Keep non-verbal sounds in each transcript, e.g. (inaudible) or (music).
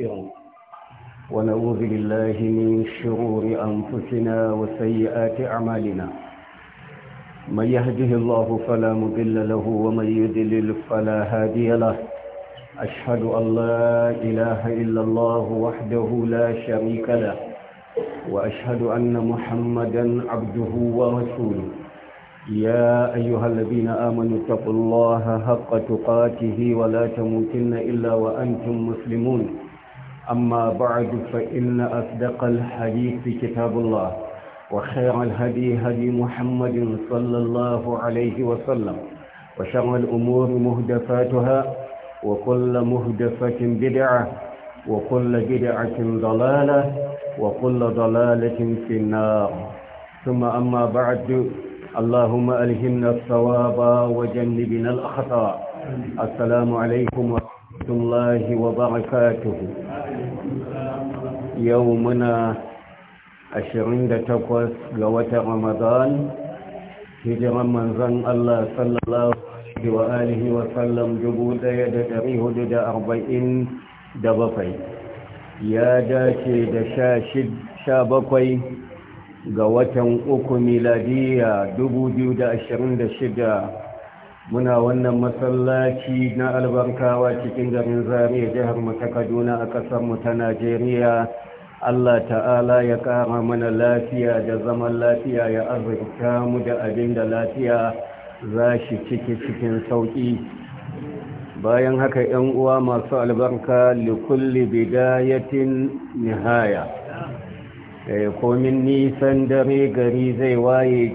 إرم ونعوذ بالله من شرور أنفسنا وسيئات أعمالنا من يهده الله فلا مضل له ومن يضلل فلا هادي له أشهد أن لا إله إلا الله وحده لا شريك له وأشهد أن محمدا عبده ورسوله يا أيها الذين آمنوا اتقوا الله حق تقاته ولا تموتن إلا وأنتم مسلمون أما بعد فإن أصدق الحديث كتاب الله وخير الهدي هدي محمد صلى الله عليه وسلم وشر الأمور مهدفاتها وكل مهدفة بدعة وكل بدعة ضلالة وكل ضلالة في النار ثم أما بعد اللهم ألهمنا الصواب وجنبنا الأخطاء السلام عليكم ورحمة الله وبركاته yau muna 28 ga watan ramadan hijiran manzan Allah sallallahu alaihi wa alihi wa sallam 1447 ya dace da 17 ga watan uku miladiya 2026 muna wannan masallaci na albarkawa cikin garin zariya jihar mu ta kaduna a ƙasarmu ta najeriya Allah ta'ala ya ƙara mana lafiya da zaman lafiya ya azurta mu da abin da lafiya za shi ciki cikin sauƙi bayan haka ‘yan uwa masu albarka likulli bidayatin nihaya e, komin nisan dare gari zai waye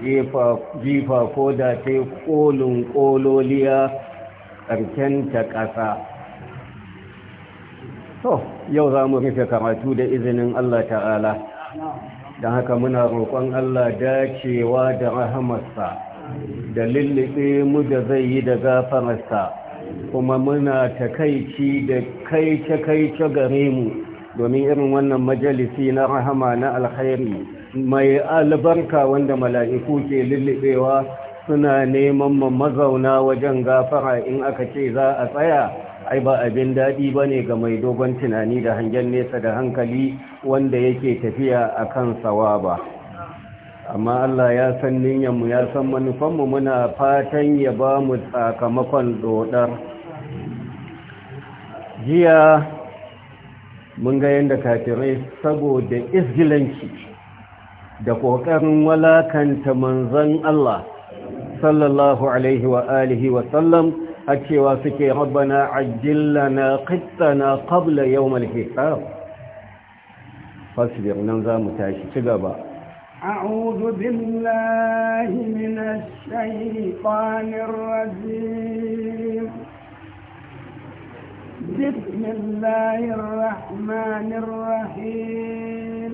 jifa ko da ta kolin ƙololiya ƙarken ta ƙasa to yau za mu rufe karatu da izinin Allah ta'ala don haka muna roƙon Allah dacewa da rahamarsa da lullube mu da zai yi da gafararsa kuma muna takaici da kaice-kaice gare mu domin irin wannan majalisi na rahama na alkhairi mai albarka wanda mala'iku ke lullubewa suna neman mazauna wajen gafara in aka ce za a tsaya ai ba abin daɗi ba ne ga mai dogon tunani da hangen nesa da hankali wanda yake tafiya a kan sawaba amma Allah ya san mu, ya san manufanmu muna fatan ya ba mu sakamakon dodar jiya mun ga yadda kafirai saboda isgilanci da ƙoƙarin walakanta manzan Allah sallallahu alaihi wa alihi wa sallam أكيوا واسكي ربنا عجل لنا قتنا قبل يوم الحساب فاسبق ننزى متاشي تقبا أعوذ بالله من الشيطان الرجيم بسم الله الرحمن الرحيم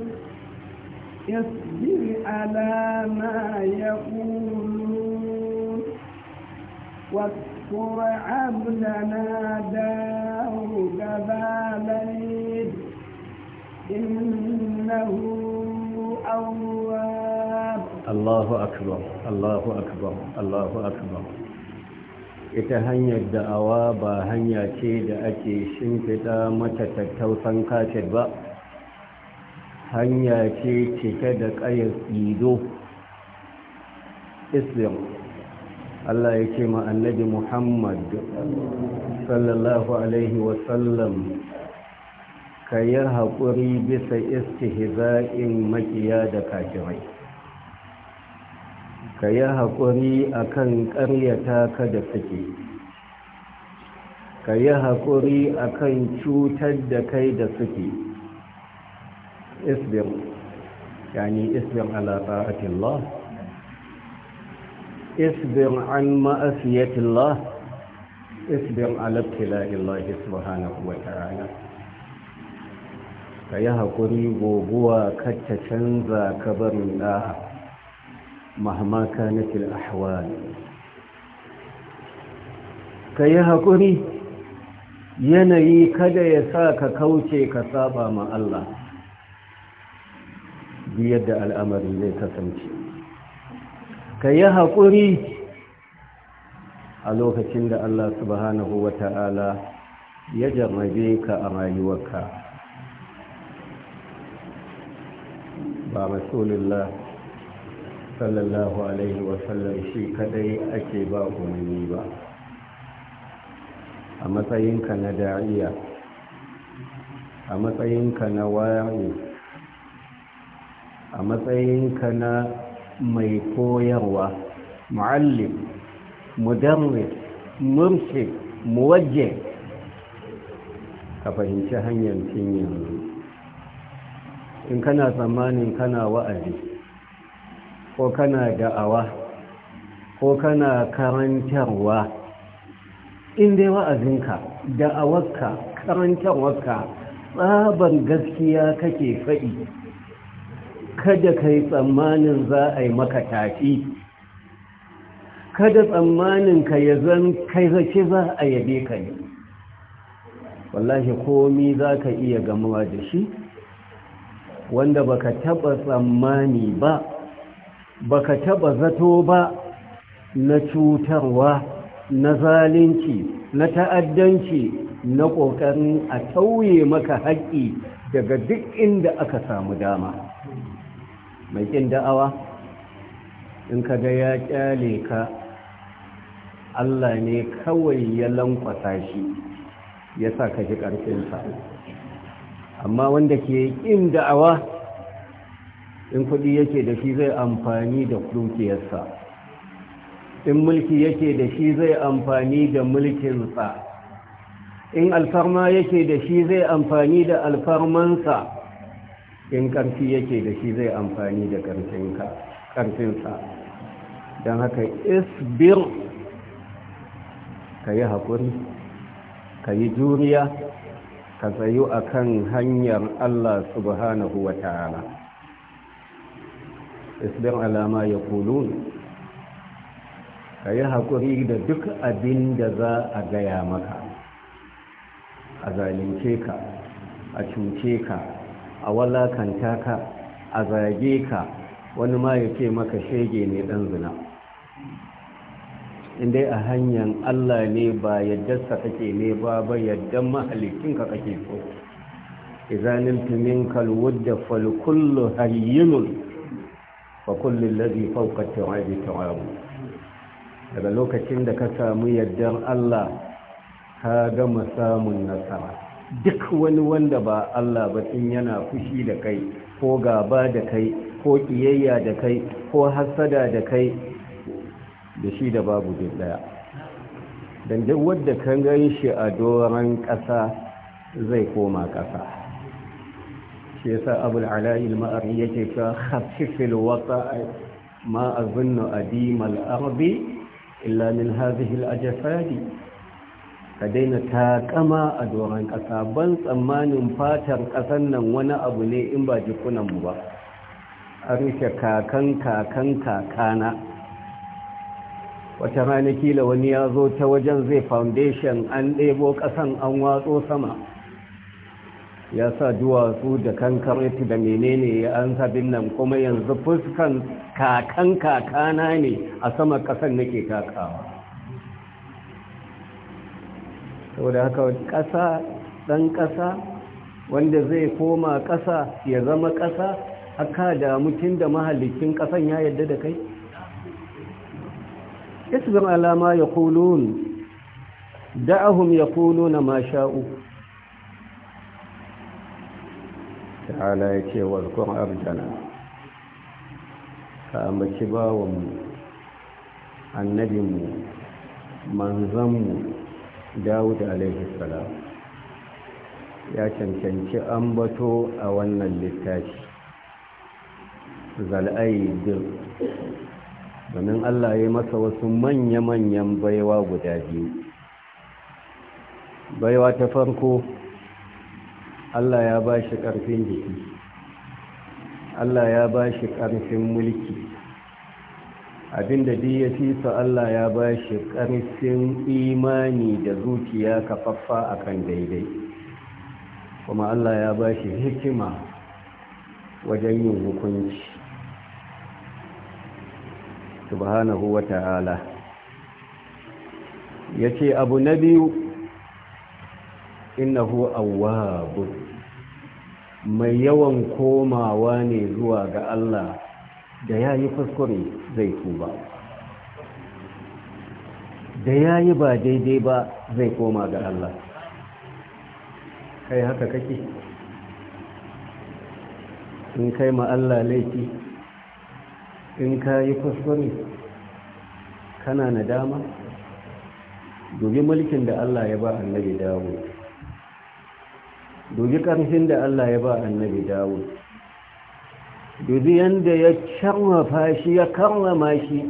يسجل على ما يقولون واشكر عبدنا داود ذا ليل إنه الله اكبر الله اكبر الله أكبر ita hanyar da'awa ba hanya ce da ake shimfiɗa mata tattausan kafet ba hanya ce cike da ƙayar ido islam Allah ya ce ma annabi Muhammad sallallahu alaihi wasallam ka yi haƙuri bisa istihza'in makiya da kafirai ka yi haƙuri akan ƙaryata ka da suke ka yi haƙuri akan cutar da kai da suke isbir yani isbir ala ta'atillah اصبر عن مأسية الله اصبر على ابتلاء الله سبحانه وتعالى ka yi haƙuri goguwa kacce canza kabarin ɗaha mahamaka na fil'ahwal ka yi haƙuri yanayi kada ya sa ka kauce ka saba ma Allah biyar da al'amari zai kasance ka yi haƙuri a lokacin da Allah subhanahu wa ta'ala ya jarrabe ka a rayuwarka ba masulullah sallallahu alaihi wasallam shi kadai ake ba umarni ba a matsayinka na dariya a matsayinka na wari a matsayinka na mai koyarwa muallim mudarris mu waje. ka fahimci hanyar cin yanzu in kana tsammanin kana wa'azi ko kana da'awa ko kana karantarwa in dai wa'azinka da'awarka karantarwarka tsaban gaskiya kake faɗi kada ka yi tsammanin za a yi maka tafi kada tsammanin ka ya zan kai zake za a yabe ka ne wallahi komi za ka iya gamuwa da shi wanda baka taba tsammani ba baka taba zato ba na cutarwa na zalunci na ta'addanci na ƙoƙarin a tauye maka haƙƙi daga duk inda aka samu dama mai ƙin da'awa in ka ga ya ƙyale ka Allah ne kawai ya lankwasa shi ya sa ka ji ƙarfinsa amma wanda ke kin da'awa in kuɗi yake da shi zai amfani da dukiyarsa in mulki yake da shi zai amfani da mulkinsa in alfarma yake da shi zai amfani da alfarmansa in ƙarfi yake da shi zai amfani da ƙarfinsa don haka isbir ka yi haƙuri ka yi juriya ka tsayu a kan hanyar Allah subhanahu wa ta'ala isbir alama ya kulu ka yi haƙuri da duk abin da za a gaya maka a zalince ka a cuce ka a walakanta ka a zage ka wani ma ya ce maka shege ne dan zina dai a hanyar Allah ne ba yaddarsa kake ne ba ba yaddar mahalikinka kake so izanin tumin kalwud da falkullu hayyinun fa kullum lazi fauka tawabi daga lokacin da ka samu yaddar Allah ka gama samun nasara duk wani wanda ba Allah ba in yana fushi da kai ko gaba da kai ko ƙiyayya da kai ko hasada da kai da shi da babu duk daya don duk wadda kan gan shi a doron ƙasa zai koma ƙasa shi yasa abul ala'il ma'ari yake ka hafifil wata ma adimal arbi, illa min hadhihi al ka daina takama a doron ƙasa ban tsammanin fatar ƙasan nan wani abu ne in ba jikunan mu ba a rushe kakan kakan kakana wata rana kila wani ya zo ta wajen zai foundation an ɗebo ƙasan an watso sama ya sa duwatsu da kankarati da menene ya an sabin nan kuma yanzu fuskan kakan kakana ne a sama ƙasan nake kakawa saboda haka ƙasa ɗan ƙasa wanda zai koma ƙasa ya zama ƙasa haka da mutum da mahallikin ƙasan ya yadda da kai Isbin alama ya kulun da'ahum ya kuluna ma sha'u ta'ala ya ce zukun ka ambaci bawanmu annabinmu manzanmu dawud alaihi salam ya cancanci ambato a wannan littafi zal'aidin domin allah ya masa wasu manya-manyan baiwa guda biyu baiwa ta farko allah ya ba shi ƙarfin jiki allah ya ba shi ƙarfin mulki Abin da duk ya fi fisa Allah ya ba shi ƙarfin imani da zuciya kafaffa a kan daidai kuma Allah ya ba shi hikima wajen yin hukunci subhanahu wa ta'ala ya ce abu na biyu innahu awwabu mai yawan komawa ne zuwa ga Allah da ya yi kuskure zai tuba da ya yi ba daidai ba zai koma ga Allah kai haka kake in kai ma Allah laifi in ka yi kuskure kana nadama dubi mulkin da Allah ya ba annabi dawo dubi ƙarfin da Allah ya ba annabi dawo dubi yanda ya sharrafa shi ya karrama shi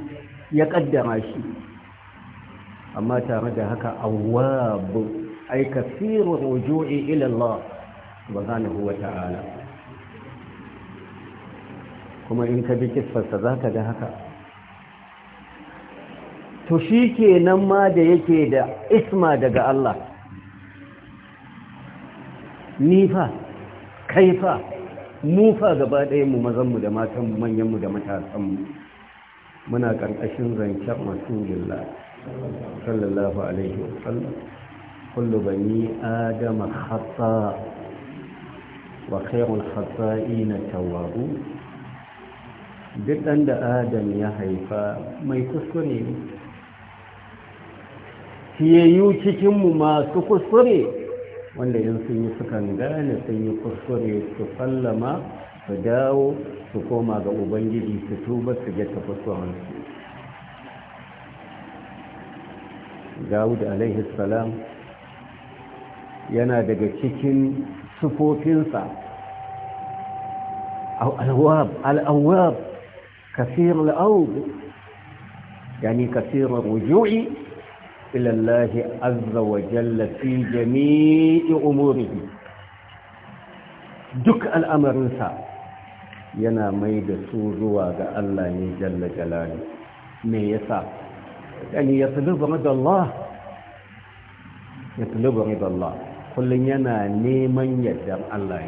ya kaddara shi amma tare da haka awwabu ay kathiru ruju'i ila Allah subhanahu wa ta'ala kuma in ka bi kisfarsa za ka haka to shi ke nan ma da yake da isma daga Allah nifa kaifa mu fa gaba ɗaya mu mazanmu da matan manyanmu da matasanmu muna ƙarƙashin zancen rasulullah sallallahu alaihi sallam kullu bani adama khata wa khairul khata'ina tawwabu duk ɗan da adam ya haifa mai kuskure ne cikin mu masu kuskure wanda in sun yi sukan gane sun yi kuskure su sallama su dawo su koma ga ubangiji su tuba su ga tafasuwansu dawud alaihi salam yana daga cikin sufofinsa al'awab kasir al'awab yani kasir ruju'i إلى الله عز وجل في جميع أموره دك الأمر نسا ينا ميد سوزوا الله جل جلاله ميسا يعني يطلب رضا الله يطلب رضا الله كل ينا نيمن يدر الله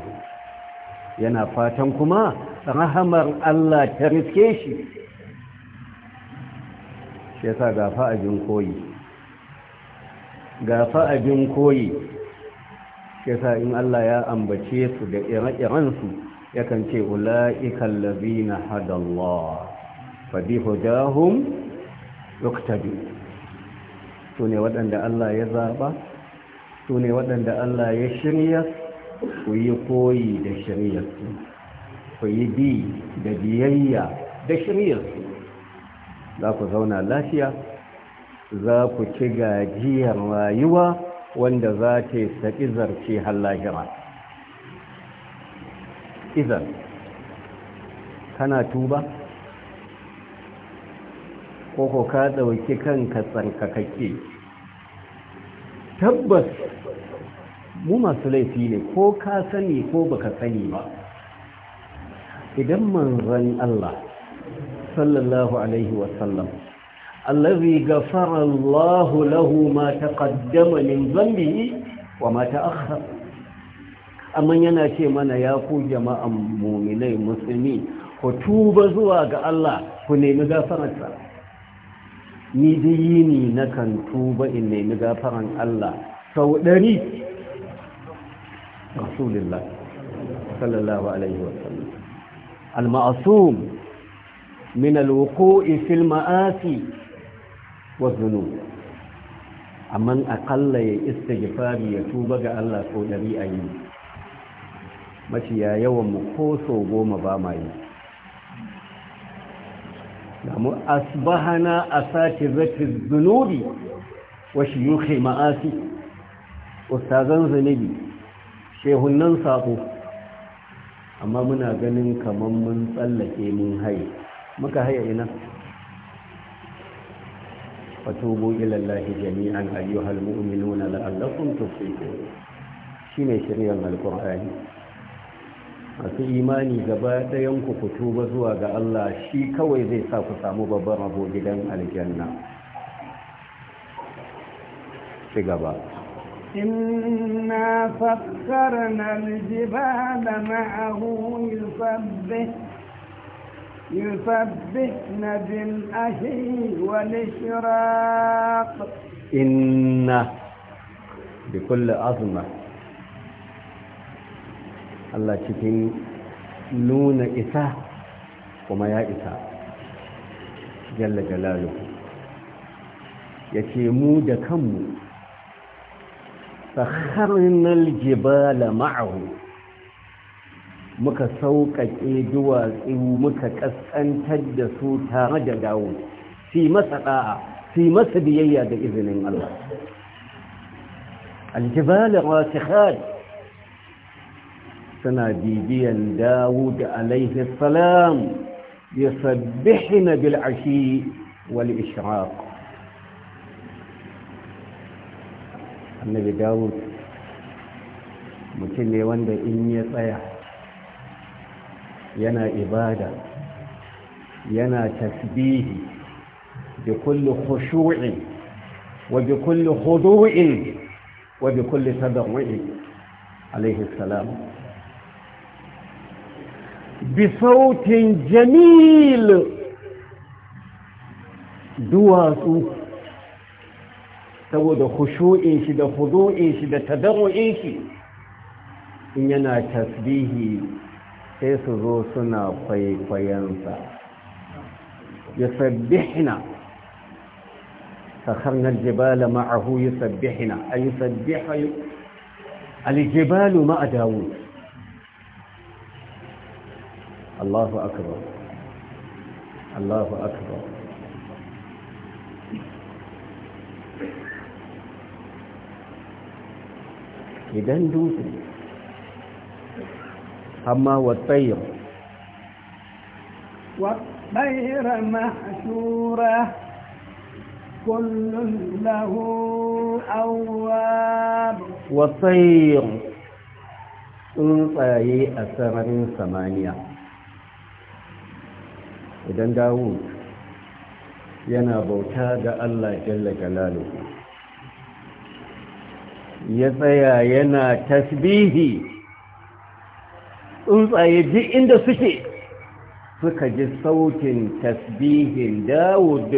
ينا فاتنكما رحمر الله ترسكيشي shi yasa gafa abin koyi gafa abin koyi yasa in Allah ya ambace su da ire-irensu yakan ce ula'ikan labina hadallah fabi hudahun yuktabi su ne waɗanda Allah ya zaɓa su ne waɗanda Allah ya shirya ku yi koyi da shiryarsu ku yi bi da biyayya da shiryarsu za ku zauna lafiya za ku ci gajiyar rayuwa wanda za ta yi saƙi zarce hallahira izan kana tuba Koko ka ɗauki kanka tsarkakake tabbas mu masu laifi ne ko ka sani ko baka sani ba idan manzan Allah sallallahu alaihi wasallam allazi ghafara Allahu lahu ma taqaddama min dhanbihi wa ma ta'akhkhara amma yana ce mana ya ku jama'an mu'minai musulmi ku tuba zuwa ga Allah ku nemi gafararsa ni dai yini na kan tuba in nemi gafaran Allah sau ɗari rasulullah sallallahu alaihi wasallam al-ma'sum min al-wuqu'i fil ma'asi والذنوب أمن أقل يستغفار يتوب الله صدري أيه maciya yawan mu ko so goma ba ma yi da mu asbahana asati zati zunubi wa shuyukhi ma'asi ustazan zunubi shehunan sako amma muna ganin kaman mun tsallake mun haye muka haye ina وتوبوا إلى الله جميعا أيها المؤمنون لعلكم تفلحون شنو شريعة القرآن masu imani gaba ɗayan ku ku tuba zuwa ga Allah shi kawai zai sa ku samu babban rabo gidan aljanna ci gaba inna fakkarna aljibala ma'ahu yusabbih يسبحن بالأهي والإشراق إن بكل عظمة الله cikin nuna isa kuma ya isa jalla jalaluhu yace mu da kanmu sakharnal ma'ahu muka sauƙaƙe duwatsu muka ƙasƙantar da su tare da dawo fi masa ɗa'a fi masa biyayya da izinin Allah aljibal rasikhat suna bibiyan dawo da alaihi salam yusabbihuna bil ashi wal ishraq annabi dawo mutum ne wanda in ya tsaya yana ibada yana tasbihi bi kulli khushu'in wa bi kulli khudu'in wa bi kulli tadawwu'in alayhi salam bi sautin jamil duwatsu saboda khushu'in shi da khudu'in shi da tadawwu'in shi in yana tasbihi sai su zo suna kwaikwayensa ya sabbihina sakharna aljibala ma'ahu yusabbihina ay yusabbihu aljibalu ma'a dawud Allahu akbar Allahu akbar idan dutse amma watsayir watsayir mahshura kullun lahu awwab watsayir tsuntsaye a sararin samaniya idan dawo yana bauta ga Allah jalla jalaluhu ya tsaya yana tasbihi tsuntsaye ji inda suke suka ji sautin tasbihin dawud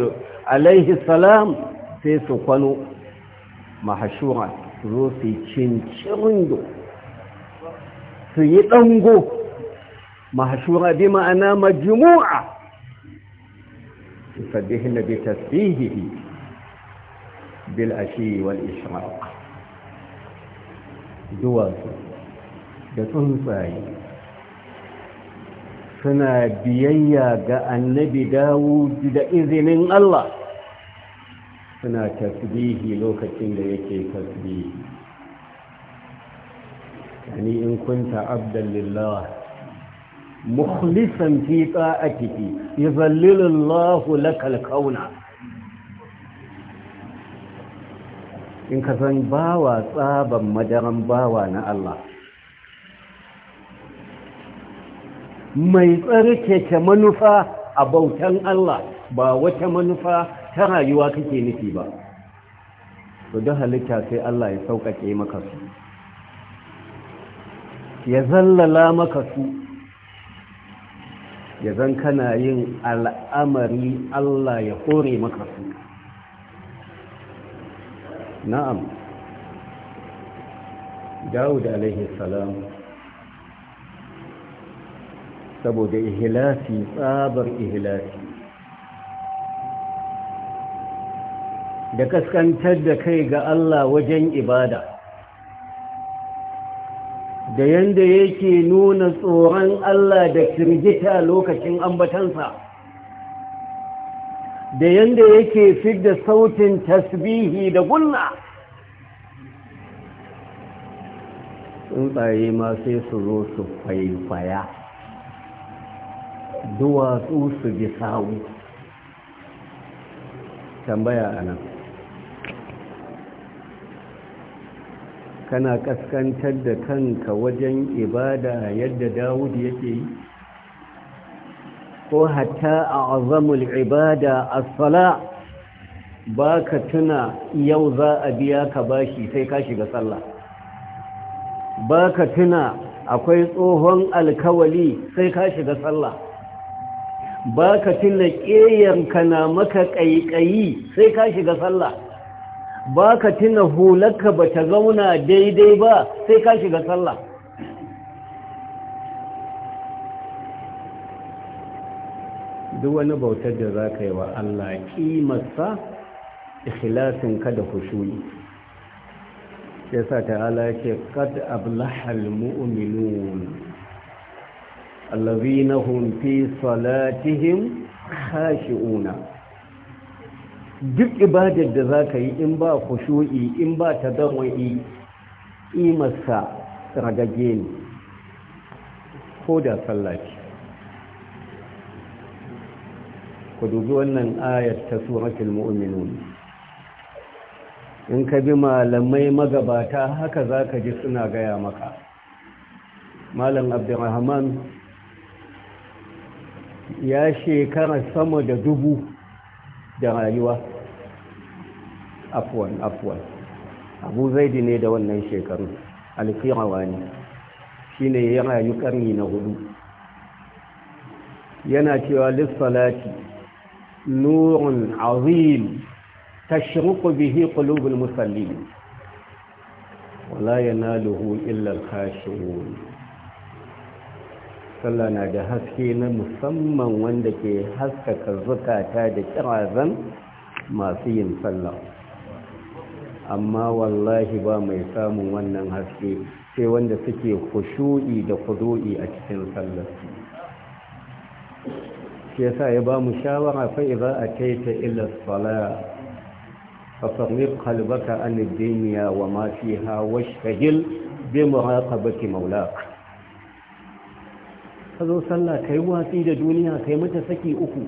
alaihi salam sai su kwano mahashura zo su cincirindo su yi dango mahashura bi ma'ana majmu'a su bi bil ashi wal ishraq دواسه da tsuntsaye suna biyayya ga annabi dawud da izinin Allah suna tasbihi lokacin da yake tasbihi yani in kunta abdan lillah mukhlisan fi ta'atihi yuzallilu Allah lakal kauna in ka san bawa tsaban madaran bawa na Allah mai tsarkake manufa a bautan Allah ba wata manufa ta rayuwa kake nufi ba to da halitta sai Allah ya sauƙaƙe maka su ya zallala maka su ya zan kana yin al'amari Allah ya kore maka su na'am dawud alaihi salam saboda ihlasi tsabar ihlasi da kaskantar da kai ga Allah wajen ibada da yanda yake nuna tsoron Allah da kirgita lokacin ambatansa da yanda yake fidda sautin tasbihi da gulla. tsuntsaye ma sai su zo su faifaya duwatsu su bi sawu tambaya a nan kana kaskantar da kanka wajen ibada yadda dawud yake yi ko hatta a azamul ibada as-sala ba ka tuna yau za a biya ka bashi sai ka shiga sallah ba ka tuna akwai tsohon alkawali sai ka shiga sallah ba ka tuna ƙeyanka na maka ƙaiƙayi sai ka shiga sallah ba ka tuna hularka ba ta zauna daidai ba sai ka shiga sallah duk wani bautar da za ka yi wa Allah ƙimarsa ikhlasinka da hushuyi sai sa ta'ala ya ce kad ablahal mu'minun الذين هم في صلاتهم duk ibadar da za ka yi in ba kushu'i in ba ta dawai imarsa ragage ne ko da sallaci ku dubi wannan ayar ta suratul mu'minun in ka bi malamai magabata haka za ka ji suna gaya maka malam abdurrahman ya shekara sama da dubu da rayuwa afuwan afuwan abu zaidi ne da wannan shekaru alfirawa ne shi ne ya rayu karni na hudu yana cewa lissalati nurun azim shirku bihi qulubul musallin wala yana yanaluhu illa kashi wuri sallah na da haske na musamman wanda ke haskaka zukata da kirazan masu yin sallah amma wallahi ba mai samun wannan haske sai wanda suke kushu'i da kudu'i a cikin sallah shi yasa ya ba mu shawara fa idza ataita ila salat فصغير قلبك عن الدنيا وما mu raka baki مولاك ka zo sallah ka yi watsi da duniya ka yi mata saki uku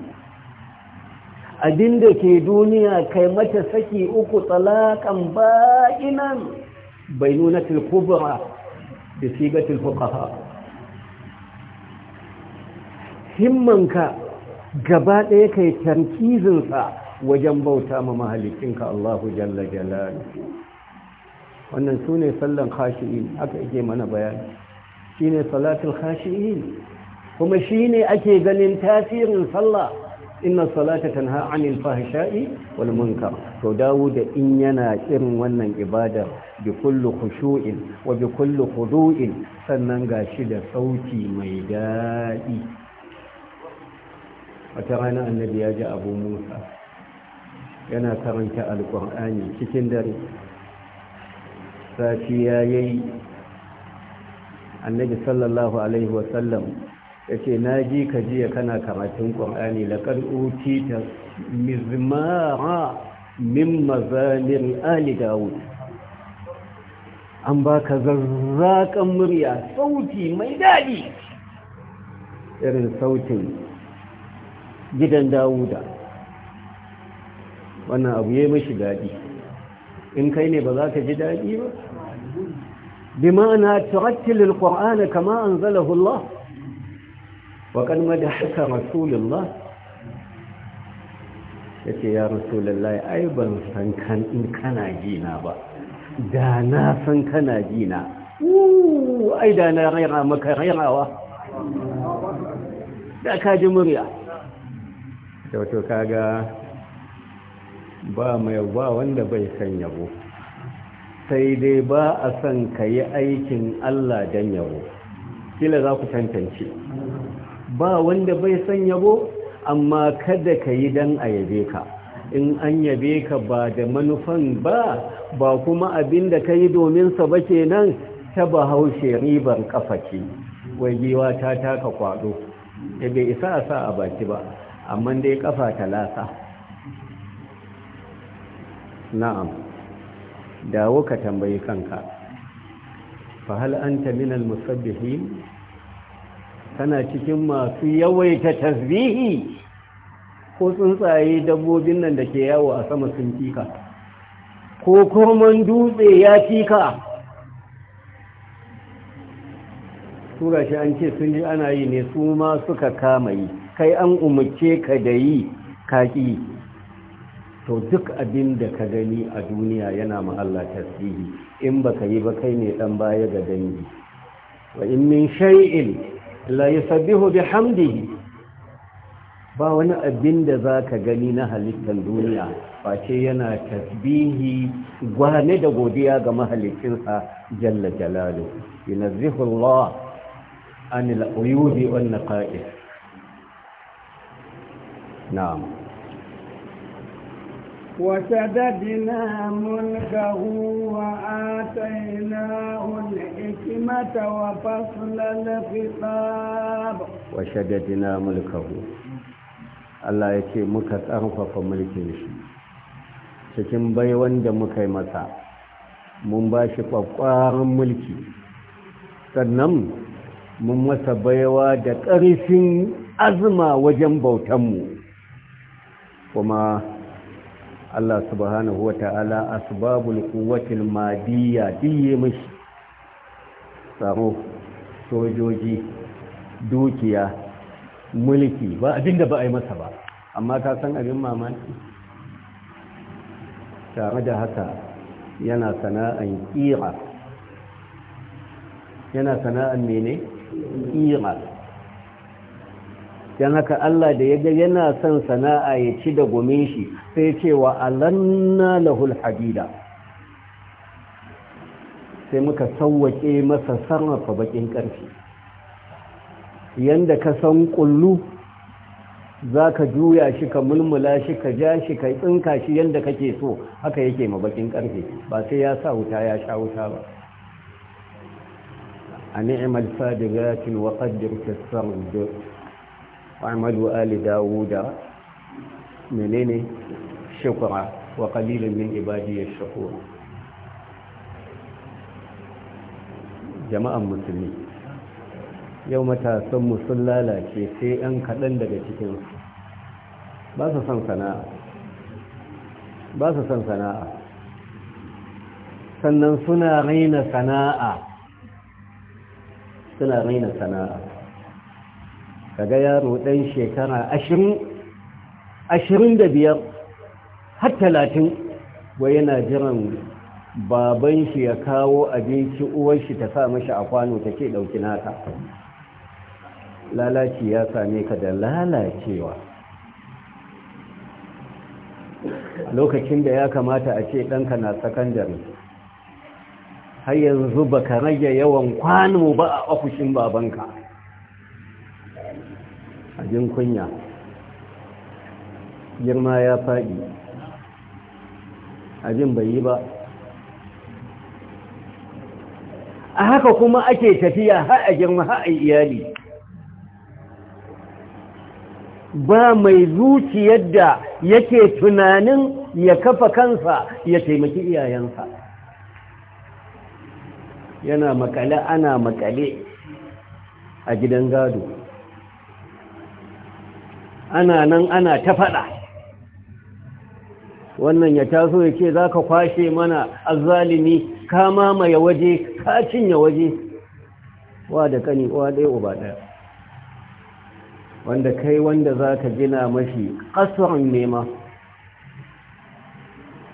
abinda ke duniya kai mata saki uku talakan ba'inan bai nuna tilkubura da shiga Himman himmanka gaba ɗaya kai tarkizinsa wajen bauta ma mahalikinka Allahu jalla wannan su ne sallan khashi'in aka ike mana bayani shi ne salatul khashi'in kuma shi ne ake ganin tasirin sallah inna salata tanha anil fahsha'i wal munkar to dawo da in yana irin wannan ibada bi kullu khushu'in wa bi kullu khudu'in sannan gashi da sauti mai dadi wata rana annabi ya ji abu musa yana karanta alkur'ani cikin dare safiya yayi annabi sallallahu alaihi sallam. ce na ji ka jiya kana karatun da laqad ta mizmara min mazanin ali Dawud. an ba baka zazzakan murya sauti mai daɗi irin sautin gidan dawuda wannan abu ya yi mashi daɗi in kai ne ba za ka ji daɗi ba bi ma'ana turattilil ƙur'ani kama anzalahu Allah وقد مدحك رسول الله yace ya rasulullahi ai ban san kan in kana jina ba da na san kana jina ai da na raira maka rairawa da ka ji murya da wato kaga ba mai ba wanda bai san yabo sai dai ba a san ka yi aikin Allah dan yabo kila za ku tantance ba wanda bai san yabo amma kada ka yi dan a yabe ka in an yabe ka ba da manufan ba ba kuma abin da ka yi dominsa ba kenan ta ba haushe ribar ƙafa ce wajewa ta taka kwado da eh, bai isa a sa a baki ba amma dai kafa ta lasa na'am dawo ka tambayi kanka fa hal anta minal musabbihin kana cikin masu yawaita tasbihi ko tsuntsaye dabbobin nan da ke yawo a sama sun fika ko kurman dutse ya fika tura shi an ce sun ji ana yi ne su ma suka kama yi kai an umarce ka da yi kaki to duk abin da ka gani a duniya yana ma'alla tasbihi in baka yi ba kai ne dan baya ga dangi wa in min shay'in لا يسبه بحمده باون ابنده ذاك غني نهلت الدنيا فاشي ينا تسبيه غاني ده غوديا غ مهلكنسا جل جلاله ينزه الله عن الايوب والنقائص نعم وشددنا ملكه وآتيناه الحكمة وفصل الخطاب وشددنا ملكه الله يكي مكة أرفف ملكه cikin baiwan da muka yi masa mun bashi shi mulki sannan mun masa baiwa da ƙarfin azuma wajen bautanmu kuma Allah subhanahu wa ta'ala asbabul kuwatil madiya diye mashi tsaro sojoji dukiya mulki ba abin da ba a yi masa ba amma ta san abin mamaki tare da haka yana sana'an ƙira yana sana'an mene ƙira dan haka Allah da ya ga yana son sana'a ya ci da gome shi sai ce wa alanna lahul hadida sai muka sauwaƙe masa sarrafa bakin ƙarfi yanda ka san kullu za ka juya shi ka mulmula shi ka ja shi ka tsinka shi yanda kake so haka yake ma bakin ƙarfi ba sai ya sa wuta ya sha wuta ba a ni'imar wa waƙaddar tasar وعمل آل داود منين شكرا وقليل من عبادي الشكور jama'an musulmi yau matasanmu sun lalace sai 'yan kaɗan daga cikinsu ba su son sana'a ba su sana'a sannan suna raina sana'a suna raina sana'a ga yaro ɗan shekara ashirin da biyar har talatin wai yana jiran baban shi ya kawo abinci uwar shi ta sa mashi a kwano ta ce ɗauki naka lalaci ya same ka da lalacewa lokacin da ya kamata a ce ɗanka na sakandare har yanzu ba ka rage yawan kwano ba a ofishin babanka abin kunya girma ya faɗi abin bai yi ba a haka kuma ake tafiya har a girma har a iyali ba mai zuciyar da yake tunanin ya kafa kansa ya taimaki iyayensa yana makale ana makale a gidan gado ana nan ana ta faɗa wannan ya taso ya ce za ka kwashe mana azzalimi ka mamaye waje ka cinye waje wa da kani wa ɗaya uba ɗaya wanda kai wanda za ka gina mashi ƙasurin nema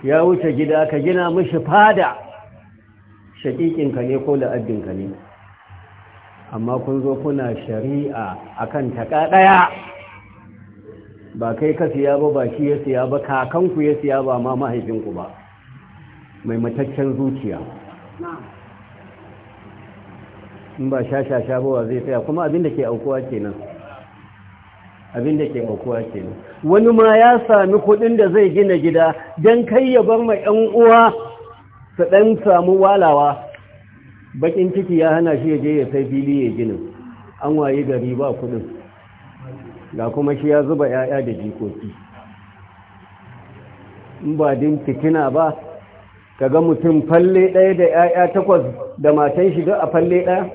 ya wuce gida ka gina mashi fada shaƙiƙinka ne ko la'addinka ne amma kun zo kuna shari'a akan taƙa ɗaya ba kai ka siya ba ba shi ya siya ba kakanku ya siya ba ma mahaifinku ba mai mataccen zuciya in ba sha-sha-sha ba zai tsaya kuma abinda ke aukuwa kenan abinda ke aukuwa kenan wani ma ya sami kudin da zai gina gida don kai ya bar mai yan uwa su dan samu walawa bakin ciki ya hana shi ya je ya sai fili ya ginin an waye gari ba kudin ga kuma shi ya zuba ‘ya'ya da jikoki in ba din fitina ba ka ga mutum falle ɗaya da ‘ya'ya takwas da matan shiga a falle ɗaya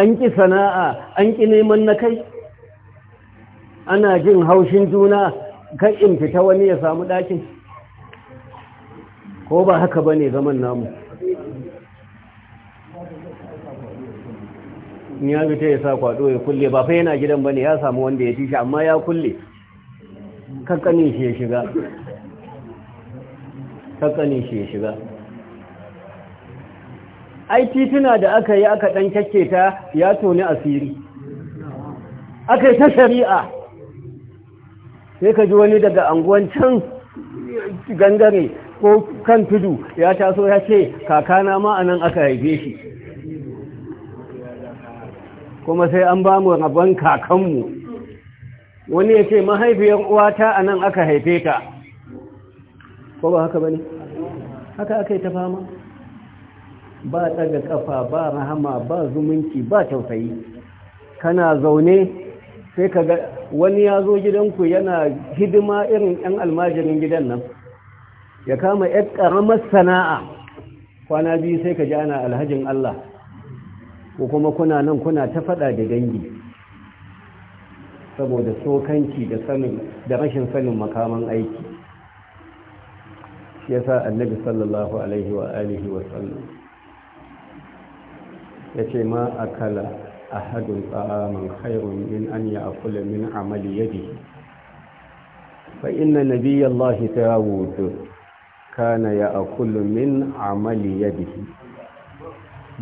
an ƙi sana'a an ƙi neman na kai ana jin haushin juna kan in fita wani ya samu ɗakin ko ba haka ba ne zaman namu ya fita ya sa kwado ya kulle ba fa yana gidan bane ya samu wanda ya tishi amma ya kulle kakkani shi ya shiga kakkani shi ya shiga ai titina da aka yi aka dan kyakke ya toni asiri aka yi ta shari'a sai ka ji wani daga anguwan can gangare ko kan tudu ya taso ya ce kakana ma anan aka haife shi kuma sai an ba mu rabon kakanmu wani ya ce mahaifiyar uwata a nan aka haife ta ko ba haka ba ne haka aka yi ta fama ba tsaga ƙafa ba rahama ba zumunci ba tausayi kana zaune sai ka ga wani ya zo gidanku yana hidima irin 'yan almajirin gidan nan ya kama 'yan ƙaramar sana'a kwana biyu sai ka ji ana alhajin Allah ko kuma kuna nan kuna ta fada da dangi saboda tsokanci da sanin da rashin sanin makaman aiki shi yasa annabi sallallahu alaihi wa alihi wa sallam yace ma akala ahadun ta'aman khairun min an ya'kula min amali yadihi fa inna nabiyallahi ta'awud kana ya'kulu min amali yadihi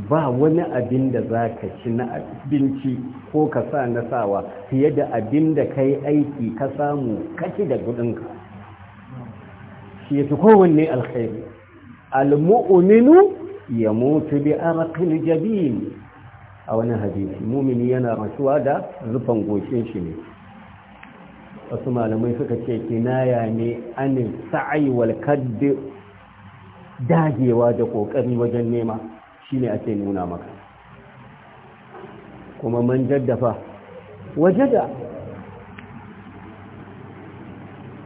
ba wani abin da za ka ci na abinci ko ka sa na sawa fiye da abin da ka yi aiki ka samu kaci da gudunka shi ya fi kowanne alkhairu almu'minu ya mutu bi arqil jabin a wani hadisi mumini yana rasuwa da zufan goshin shi ne wasu malamai suka ce kinaya ne anin sa'ai wal kadd dagewa da kokari wajen nema ne ake nuna maka kuma man jaddafa wajada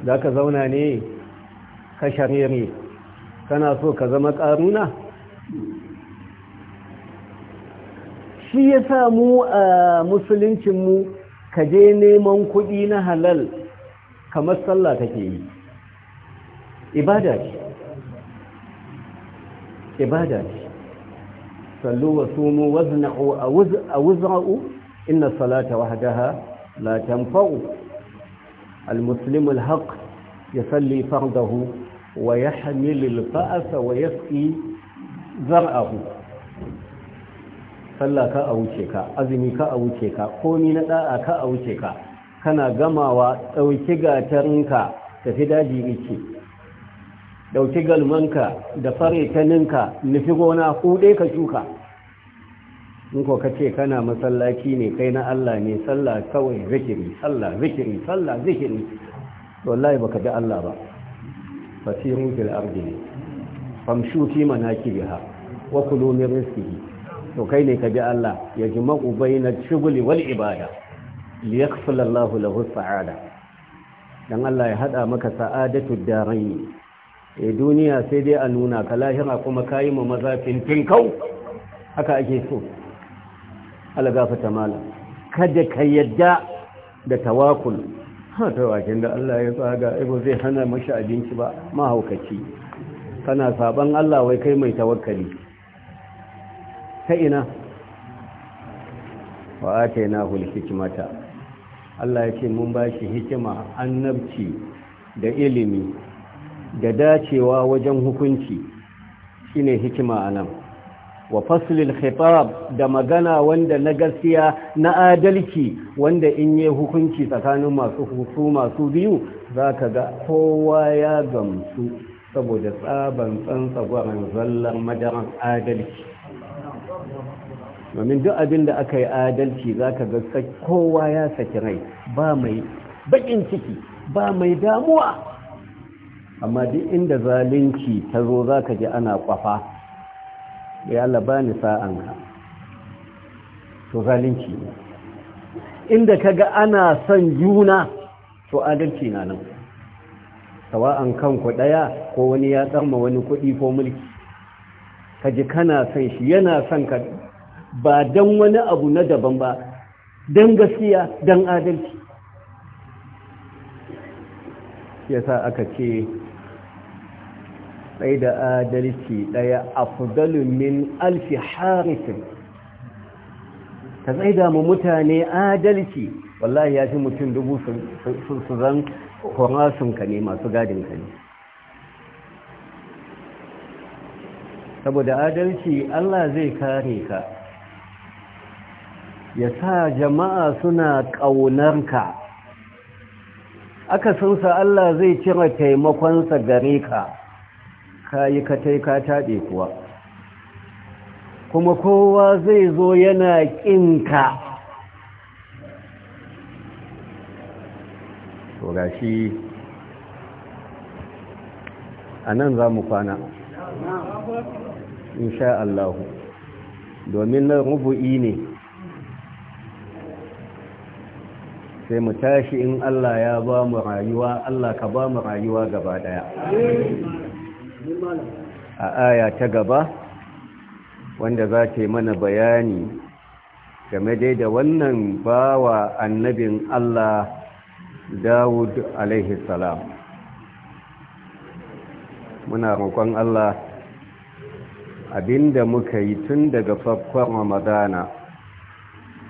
za ka zauna ne ka sharere kana so ka zama ƙaruna shi ya samu a musuluncinmu ka je neman kuɗi na halal kamar sallah take yi ibada ce ibada ce صلوا وصوموا وازنعوا اوزعوا ان الصلاه وحدها لا تنفع المسلم الحق يصلي فرضه ويحمل الفأس ويسقي زرعه صلى كا اوكيكا ازمي كا اوكيكا قومي نداء كا اوكيكا كنا غماوا اوكي غاترنكا تفي داجي ايكي dauki galmanka da fare taninka nufi gona kuɗe ka shuka in ko ka ce kana masallaci ne kai na Allah ne sallah kawai zikiri sallah zikiri sallah zikiri wallahi baka bi Allah ba fasiru fil ardi famshu fi biha wa kulu min rizqihi to kai ne ka bi Allah ya jima'u baina shughli wal ibada yakfala Allahu lahu sa'ada dan Allah ya hada maka sa'adatu darain e duniya sai dai a nuna ka lahira kuma kayi ma maza fintin kau haka ake so algafata mala kada ka yadda da tawakul ha tawakin da Allah ya tsaga ego zai hana mashi abinci ba mahaukaci kana saban Allah wai kai mai tawakkali ta ina wa hul hikimata. Allah ya ce mun ba shi hikima annabci da ilimi da dacewa wajen hukunci ne hikima a nan, wa faslil khitab da magana wanda na gaskiya na adalci wanda in yi hukunci tsakanin masu husu masu biyu zaka ga kowa ya gamsu saboda tsaban tsansa gwaran zallar madaran adalci domin duk abin da aka yi adalci za ka ga kowa ya saki rai ba mai bakin ciki ba mai damuwa amma duk inda zalunci ta zo za ka ji ana kwafa ya Allah ba ni sa'an ka to zalunci ne inda ka ga ana son juna to adalci na nan sawa'an kanku ɗaya ko wani ya tsarma wani kuɗi ko mulki ka ji kana son shi yana son ka ba don wani abu na daban ba don gaskiya don adalci Ya sa aka ce sai da adalci ɗaya afdalu min alfi harisin ka tsaida mu mutane adalci wallahi ya fi mutum dubu su zan horasunka ne masu gadinka ne saboda adalci Allah zai kare ka ya sa jama'a suna ƙaunarka aka sunsa Allah zai cire taimakonsa gare ka ka yi katai ka taɓe kuwa kuma kowa zai zo yana ƙinka to ga shi a za mu kwana insha Allah, domin na rubu'i ne sai mu tashi in Allah ya ba mu rayuwa Allah ka ba mu rayuwa gaba daya a aya ta gaba wanda za ta yi mana bayani game dai da wannan bawa annabin Allah Dawud alaihi salam muna roƙon Allah abinda muka yi tun daga farkon Ramadana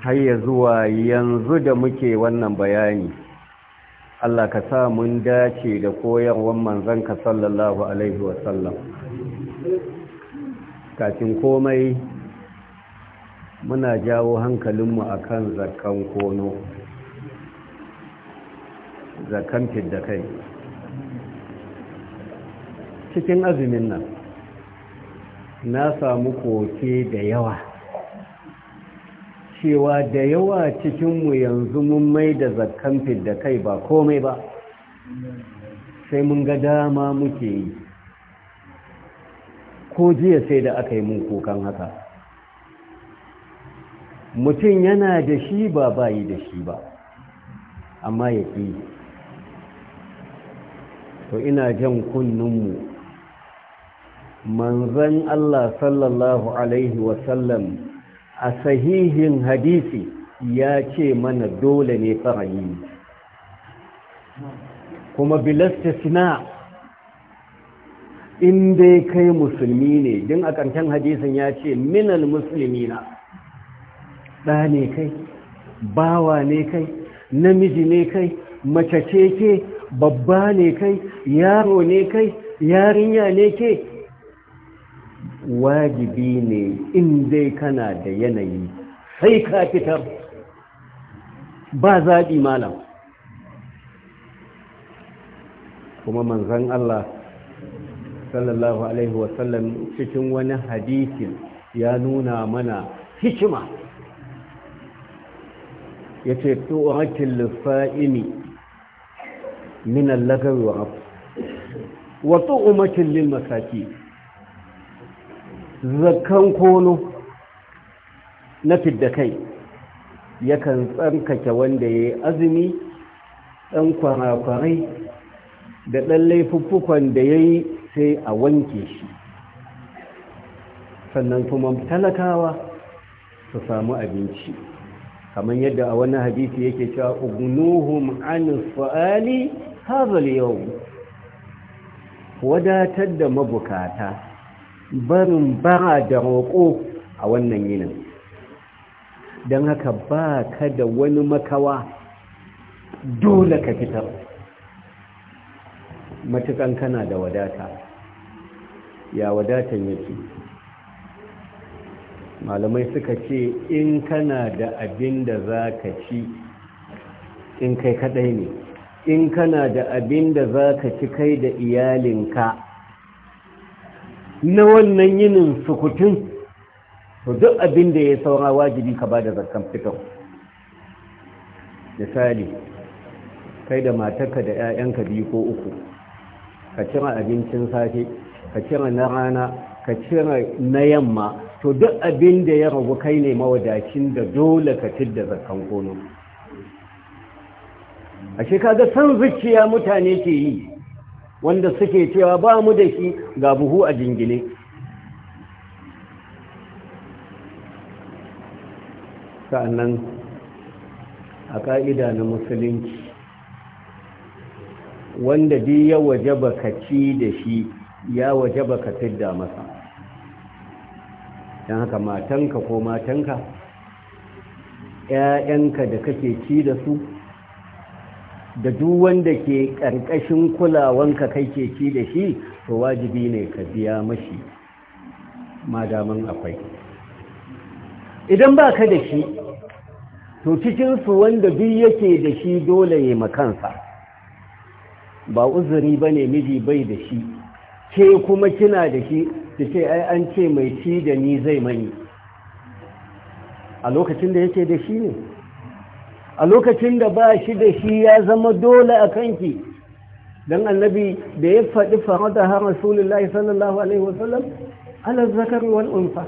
har zuwa yanzu da muke wannan bayani Allah ka sa mun dace da koyarwar ka sallallahu alaihi wa sallam. kafin komai muna jawo hankalinmu akan zakkan kono zakan fidda kai cikin azumin nan na samu koke da yawa cewa da yawa cikinmu yanzu mun mai da zakkan da kai ba komai ba sai mun ga dama muke yi ko jiya sai da aka yi mun kokan haka mutum yana da shi ba bayi da shi ba amma ya ƙi to ina jan kunninmu manzan Allah sallallahu Alaihi wasallam a sahihin hadisi ya ce mana dole ne farayi kuma Sina inda ya kai musulmi ne din a ƙarshen hadisin ya ce minal musulmi na ɗa ne kai bawa ne kai namiji ne kai mace ke babba ne kai yaro ne kai yarinya ne ke wajibi ne in dai kana da yanayi sai ka fitar ba zaɓi malam kuma manzan Allah sallallahu Alaihi wasallam cikin wani hadisin ya nuna mana hikima ya ce tu'akin lissa'ini minan lagarwa wa abu wa lil masaki zakan kono na fidda kai yakan tsarkake wanda ya yi azumi ɗan kwarakwarai da ɗan laifuffukan da ya yi sai a wanke shi sannan kuma talakawa su samu abinci kamar yadda a wani hadisi yake cewa ugnuhum an su'ali hazal yau wadatar da mabukata barin bara da roƙo a wannan yinin don haka ba ka da wani makawa dole ka fitar matukan kana da wadata ya wadatan yake malamai suka ce in kana da abin da za ka ci in kai kadai ne in kana da abin da za ka ci kai da iyalinka na wannan yinin sukutun to duk abin da ya saura wajibi ka ba da zakkan fitar misali kai da matarka da 'ya'yanka biyu ko uku ka cira abincin safe ka cira na rana ka cira na yamma to duk abin da ya ragu kai ne mawadacin da dole ka da zakkan kono a shekaga san zuciya mutane ke yi wanda suke cewa ba mu da shi ga buhu a jingine sa'annan a ƙa'ida na musulunci wanda dai ya waje baka ci da shi ya waje baka fidda masa don haka matanka ko matanka ‘ya'yanka da kake ci da su da duk wanda ke ƙarƙashin kulawanka kai ke ci da shi to wajibi ne ka biya mashi madaman akwai idan ba ka da shi to cikinsu wanda duk yake da shi dole ya makansa ba uzuri ba ne miji bai da shi ke kuma kina da shi da ce ai an ce mai ci da ni zai mani a lokacin da yake da shi ne a lokacin da ba shi da shi ya zama dole a kanki don annabi da ya faɗi da har rasulullahi sallallahu alaihi wasallam ala zakar wal unfa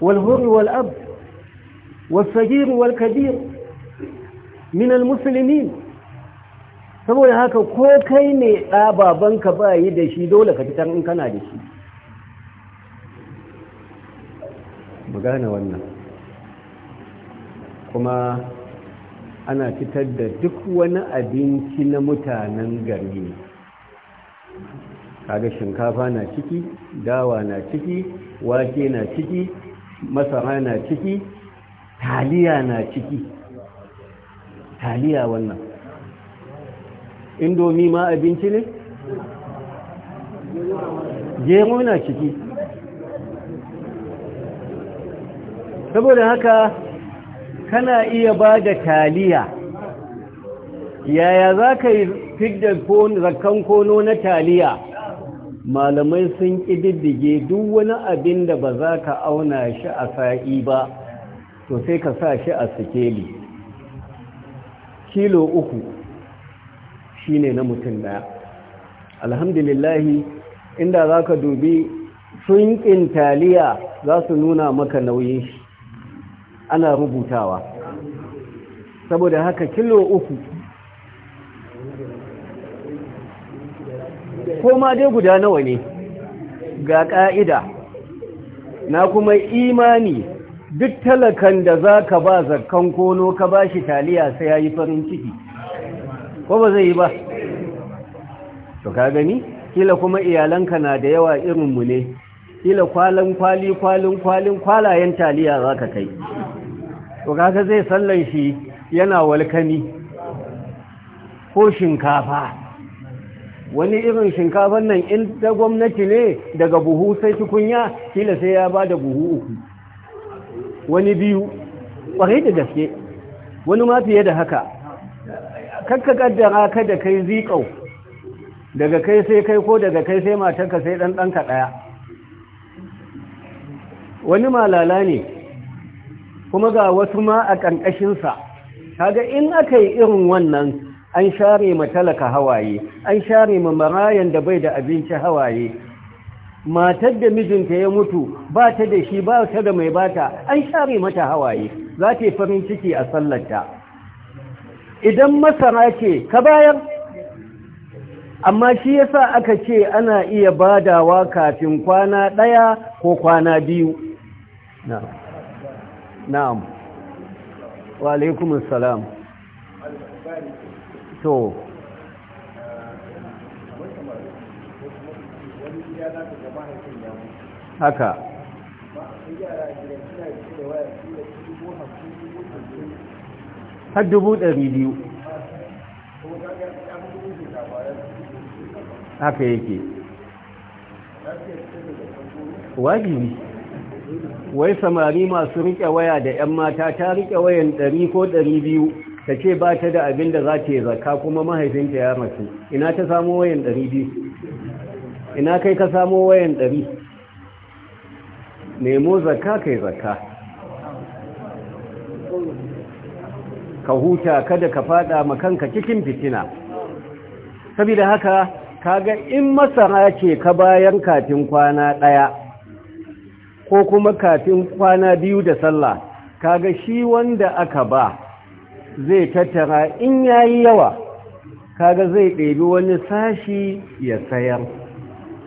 wal huri wal ab wal sagir wal kabir min al muslimin saboda haka ko kai ne ɗa babanka ba yi da shi dole ka fitar in kana da shi mu gane wannan kuma ana fitar da duk wani abinci na mutanen gari kaga shinkafa na ciki dawa na ciki wake na ciki masara na ciki taliya na ciki taliya wannan indomi ma abinci ne gero na ciki saboda haka kana iya ba da taliya yaya za ka yi fidda zakan kono na taliya malamai sun ƙididdige duk wani abin da ba za ka auna shi a sa'i ba to sai ka sa shi a sikeli kilo uku shi ne na mutum ɗaya alhamdulillahi inda za ka dubi sun taliya za su nuna maka nauyin shi ana rubutawa saboda haka kilo uku ko ma dai guda nawa ne ga ƙa'ida na kuma imani duk talakan da za ka ba zakkan kono ka ba shi taliya sai ya yi farin ciki ko ba zai yi ba to ka gani kila kuma iyalanka na da yawa irin mu ne kila kwalan kwali kwalin kwalin kwalayen taliya za ka kai to kaga zai sallan shi yana walkani ko shinkafa wani irin shinkafan nan in da gwamnati ne daga buhu sai tukunya kila sai ya ba da buhu uku wani biyu ƙwarai da gaske wani ma fiye da haka kakka kaddara ka da kai zikau daga kai sai kai ko daga kai sai matarka sai ɗan ɗaya wani malala ne kuma ga wasu ma a ƙanƙashinsa kaga in aka yi irin wannan an share ma talaka hawaye an share ma marayan da bai da abinci hawaye matar da mijinta ya mutu ba ta da shi ba ta da mai bata an share mata hawaye za ta yi farin ciki a sallarta idan masara ce ka bayar amma shi yasa aka ce ana iya badawa kafin kwana ɗaya ko kwana biyu na'am na'am wa alaikum assalam to haka har dubu ɗari biyu haka yake wajibi wai samari masu riƙe waya da 'yan mata ta riƙe wayan ɗari ko ɗari biyu ta ce ba ta da abin da za ta yi zaka kuma mahaifinta ya mace ina ta samo wayan ɗari biyu ina kai ka samo wayan ɗari nemo zaka kai zaka ka huta kada ka fada makanka cikin fitina saboda haka kaga in masara ce ka bayan katin kwana ɗaya ko kuma kafin kwana biyu da sallah kaga shi wanda aka ba zai tattara in yayi yawa kaga zai ɗebi wani sashi ya sayar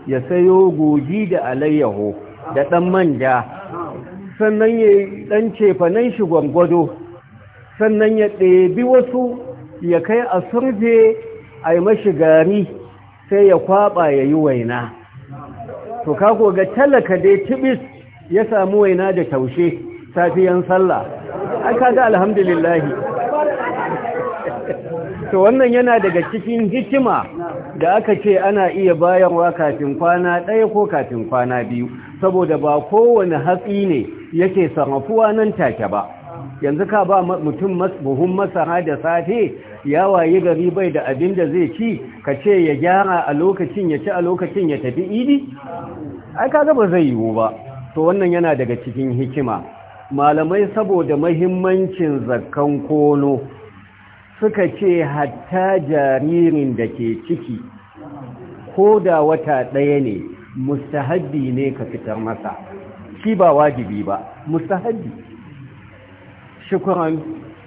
ya sayo goji da alayyaho da ɗan manja sannan ya ɗan cefanen shi gwangwado sannan ya ɗebi wasu ya kai a surfe a yi mashi gari sai ya kwaɓa ya yi waina to kago ga talaka dai tibis ya samu waina da taushe safiyan sallah ai kaga alhamdulillah to wannan yana daga cikin hikima da aka ce ana iya bayarwa kafin kwana ɗaya ko kafin kwana biyu saboda ba kowane hatsi ne yake sarrafuwa nan take ba yanzu ka ba mutum buhun masara da safe ya waye gari bai da abin da zai ci ka ce ya gyara a lokacin ya ci a lokacin ya tafi idi ai kaga ba zai yiwu ba to wannan yana daga cikin hikima malamai saboda mahimmancin zakkan kono suka ce hatta jaririn da ke ciki ko da wata ɗaya ne mustahabbi ne ka fitar masa shi ba wajibi ba mustahabbi shukuran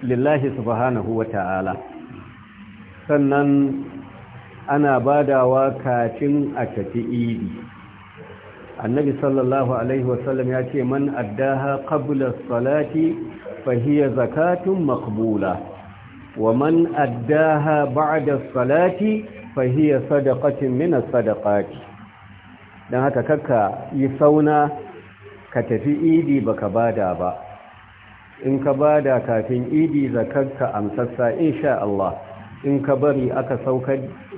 lillahi subhanahu wa ta'ala sannan ana badawa kafin a tafi idi annabi sallallahu alaihi wasallam ya ce man addaha qabla salati fahiya zakatun maqbula wa man addaha ba'da salati fahiya sadaqatun min as-sadaqati dan haka kakka yi sauna ka tafi idi baka bada ba in ka bada kafin idi zakarka amsassa insha Allah in ka bari aka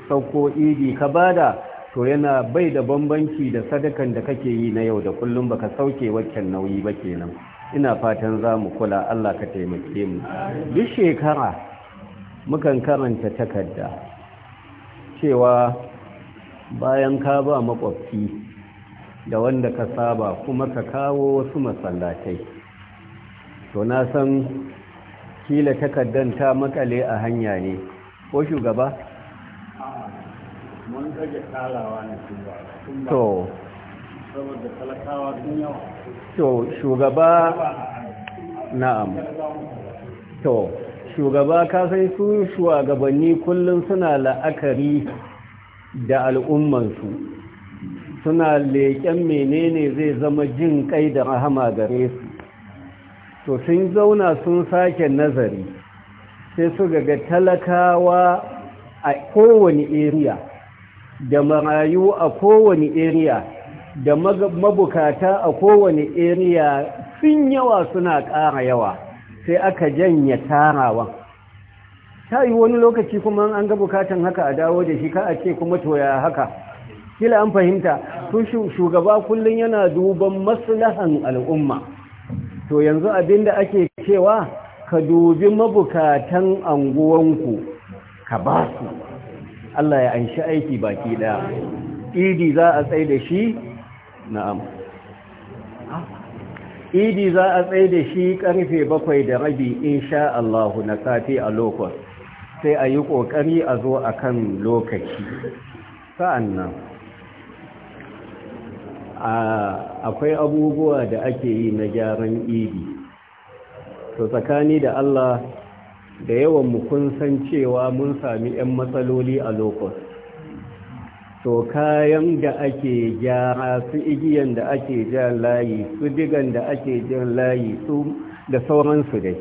sauko idi ka bada to yana bai da bambanci da sadakan da kake yi na yau da kullum baka sauke waccan nauyi ba kenan ina fatan za mu kula Allah ka taimake mu duk shekara mukan karanta takarda cewa bayan ka ba makwabci da wanda ka saba kuma ka kawo wasu masallatai to na san kila takardan ta makale a hanya ne ko shugaba mun to shugaba na'am to shugaba ka sai su shugabanni kullum suna la'akari da al'ummansu suna leƙen menene zai zama jin ƙai da rahama gare su to sun zauna sun sake nazari sai su ga talakawa a kowane area da marayu a kowane area da mabukata a kowane area sun yawa suna ƙara yawa sai aka janye tarawa ta yi wani lokaci kuma an ga bukatan haka a dawo da shi ka a ce kuma toya haka kila an fahimta tun shugaba kullum yana duban maslahan al'umma to yanzu abin da ake cewa ka dubi mabukatan anguwanku ka ba su Allah ya anshi aiki baki daya idi za a tsaye da shi na'am idi za a tsaye da shi karfe bakwai da rabi insha Allah na safe a lokacin sai a yi kokari a zo a kan lokaci sa'annan akwai abubuwa da ake yi na gyaran idi to tsakani da Allah da yawan mu kun san cewa mun sami 'yan matsaloli a lokos to kayan da ake gyara su igiyan da ake jan layi su digan da ake jan layi su da sauransu dai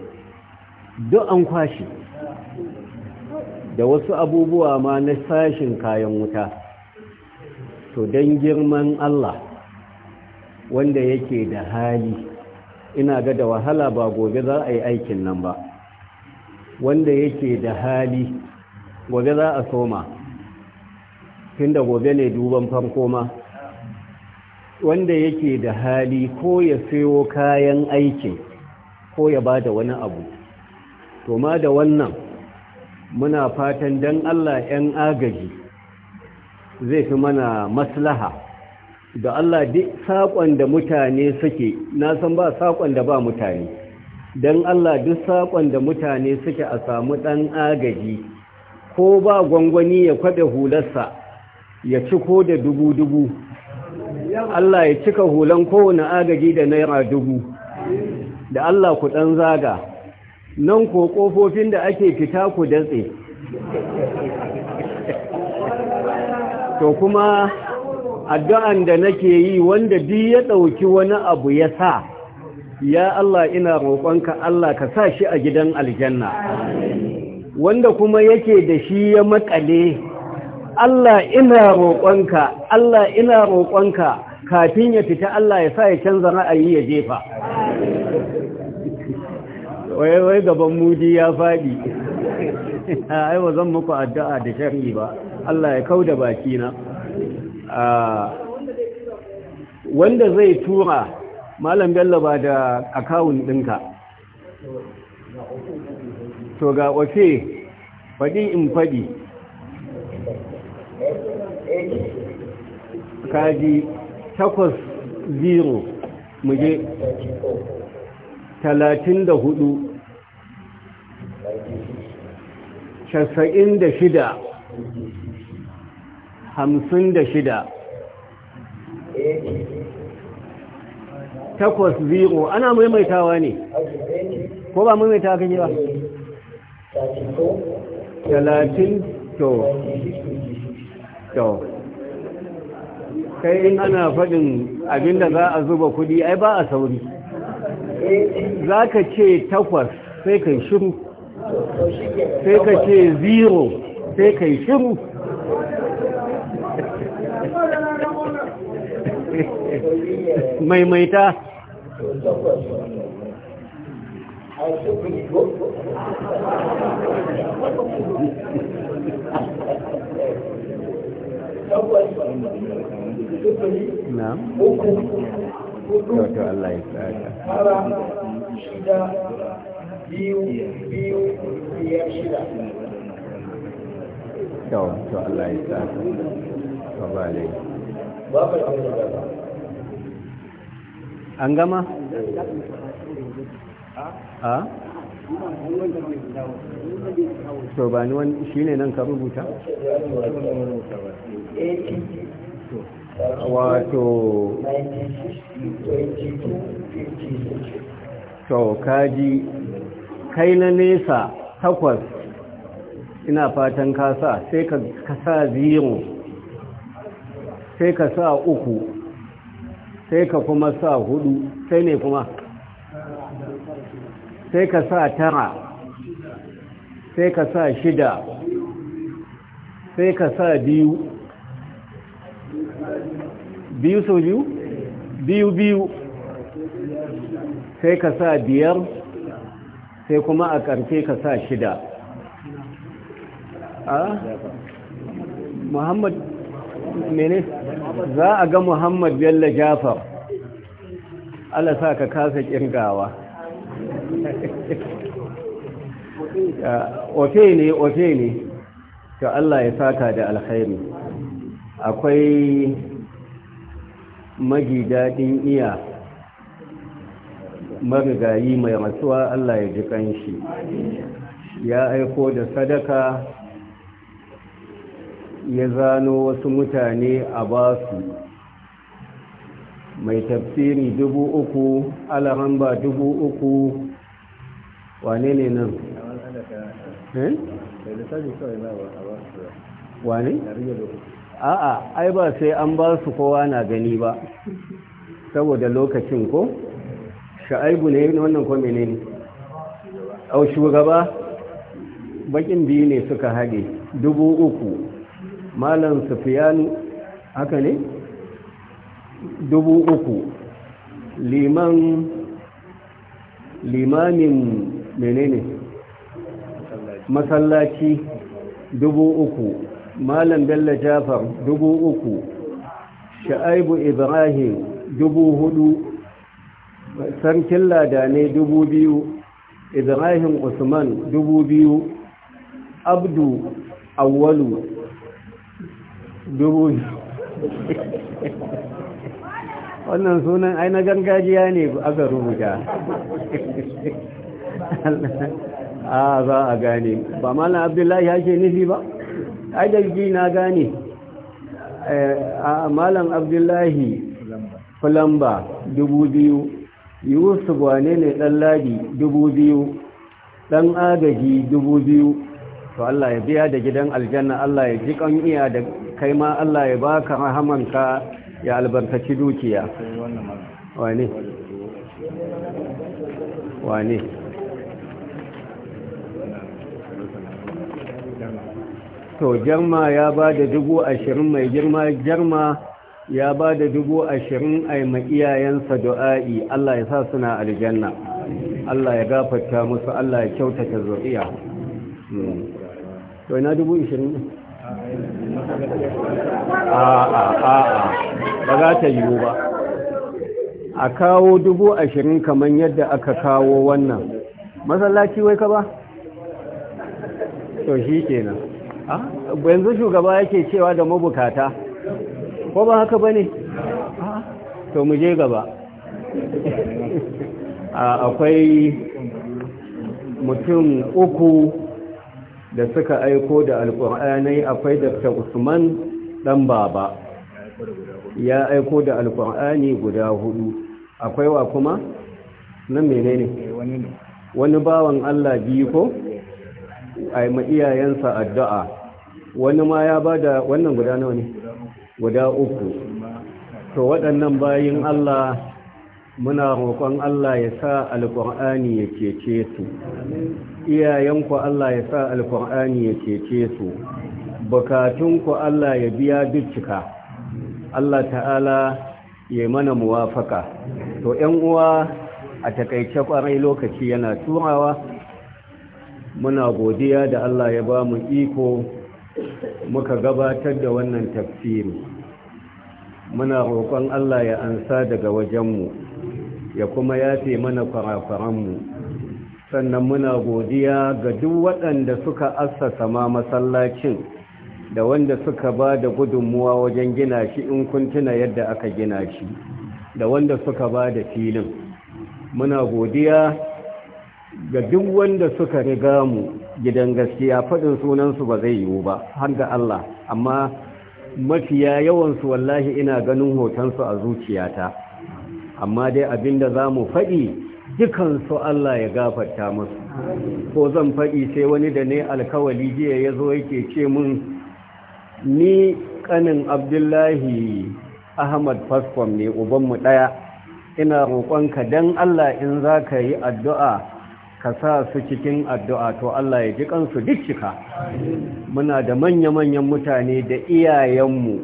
duk an kwashi da wasu abubuwa ma na sashin kayan wuta to don girman Allah wanda yake da hali ina ga da wahala ba gobe za a yi aikin nan ba wanda yake da hali gobe za a soma tunda gobe ne duban farko ma wanda yake da hali ko ya sayo kayan aiki ko ya ba da wani abu to ma da wannan muna fatan dan Allah 'yan agaji zai fi mana maslaha da Allah duk saƙon da mutane suke na san ba saƙon da ba mutane don Allah duk saƙon da mutane suke a samu ɗan agaji ko ba gwangwani ya kwaɓe hularsa ya ciko da dubu-dubu Allah ya cika hulan kowane agaji da naira dubu da Allah ku ɗan zaga nan ko ƙofofin da ake fita ku datse to kuma addu'an da nake yi wanda duk ya ɗauki wani abu ya sa ya Allah ina roƙonka Allah ka sa shi a gidan aljanna wanda kuma yake da shi ya makale Allah ina roƙonka Allah ina roƙonka kafin ya fita Allah ya sa ya canza ra'ayi ya jefa wai waye gaban mudi ya faɗi ai ba zan muku addu'a da sharri ba Allah ya kauda bakina ah, wanda zai tura malam bello ba da akawun ɗinka to ga ofe faɗi in faɗi kaji takwas zero muje talatin da hudu casa'in da shida hamsin da shida takwas zero ana maimaitawa ne ko ba maimaitawa kake ba talatin to to kai in ana faɗin abinda za a zuba kudi ai ba a sauri za ka ce takwas sai kai shiru sai ka ce zero sai kai shiru (laughs) maimaita Na'am. Toto Allah ya tsaya. Tara shida biyu biyu biyar shida. Kyau, Allah ya tsaya. Ba ba ne. Ba ba ne. an gama? a? to ba ni wani shi ne nan ka rubuta? wato to kaji kai na nesa takwas ina fatan kasa sai ka sa zero sai ka sa uku sai ka kuma sa hudu sai ne kuma sai ka sa tara sai ka sa shida sai ka sa biyu biyu sau biyu biyu biyu sai ka sa biyar sai kuma a ƙarfe ka sa shida a ah? muhammad mene za a ga muhammad bello jafar Allah sa ka kasa kirgawa ofe ne ofe ne to allah ya saka da alkhairi akwai magidadin iya marigayi mai rasuwa allah ya ji kanshi ya aiko da sadaka ya zano wasu mutane a ba su. mai tafsiri dubu uku alaramba dubu uku wane ne nan eh? wane? a'a ai ba sai an ba su kowa na gani ba saboda lokacin ko sha'aibu ne wannan ne ne au shugaba bakin biyu ne suka haɗe dubu uku malam sufiyanu haka ne dubu uku liman limamin menene masallaci dubu uku malam bello jafar dubu uku sha'aibu ibrahim dubu hudu sarkin ladane dubu biyu ibrahim usman dubu biyu abdu awwalu dubu wannan sunan ai na gangajiya ne aka rubuta a (laughs) ah, za a gane ba malam abdullahi ya ce nufi ba adalci na gane eh, a malam abdullahi fulamba dubu biyu yusuf wane ne ɗan ladi dubu biyu ɗan agaji dubu biyu to Allah ya biya da gidan aljanna Allah ya ji kan iya da kai ma Allah ya baka rahamanka ya albarkaci dukiya wane wane to jarma ya ba da dubu ashirin mai girma jarma ya ba da dubu ashirin a yi iyayensa du'a'i Allah ya sa suna aljanna Allah ya gafata musu Allah ya kyautata zuriya hmm. to ina dubu ashirin ne a'a a'a ba za ta yiwu ba a kawo dubu ashirin kamar yadda aka kawo wannan masallaci wai ka ba to shi kenan yanzu shugaba yake cewa da mabukata ko ba haka ba ne to mu je gaba (laughs) akwai mutum uku da suka aiko da alƙur'anai akwai dr usman dan baba ya aiko da alƙur'ani guda hudu akwai wa kuma nan menene wani bawan allah biyu ko a yi iyayensa addu'a wani ma ya ba da wannan guda nawa ne guda uku to waɗannan bayin allah muna roƙon allah ya sa alƙur'ani ya cece su iyayenku Allah ya sa alkur'ani ya cece su bukatunku Allah ya biya dukkika Allah ta'ala ya mana muwafaka to ƴan uwa a takaice kwarai lokaci yana turawa muna godiya da Allah ya ba mu iko muka gabatar da wannan tafsiri muna roƙon Allah ya ansa daga wajenmu ya kuma yafe mana kwarafaranmu sannan muna godiya ga duk waɗanda suka assasa ma masallacin da wanda suka ba da gudunmuwa wajen gina shi in kun tuna yadda aka gina shi da wanda suka ba da filin muna godiya ga duk wanda suka riga mu gidan gaskiya faɗin sunansu ba zai yiwu ba har ga Allah amma mafiya yawansu wallahi ina ganin hotonsu a zuciyata amma dai abinda za mu faɗi dukansu Allah ya gafarta musu ko zan faɗi sai wani da ne alkawali jiya ya zo yake ce mun ni ƙanin abdullahi ahmad fasfam ne ubanmu ɗaya ina roƙonka don Allah in za ka yi addu'a ka sa su cikin addu'a to Allah ya ji kansu duk cika muna da manya-manyan mutane da iyayenmu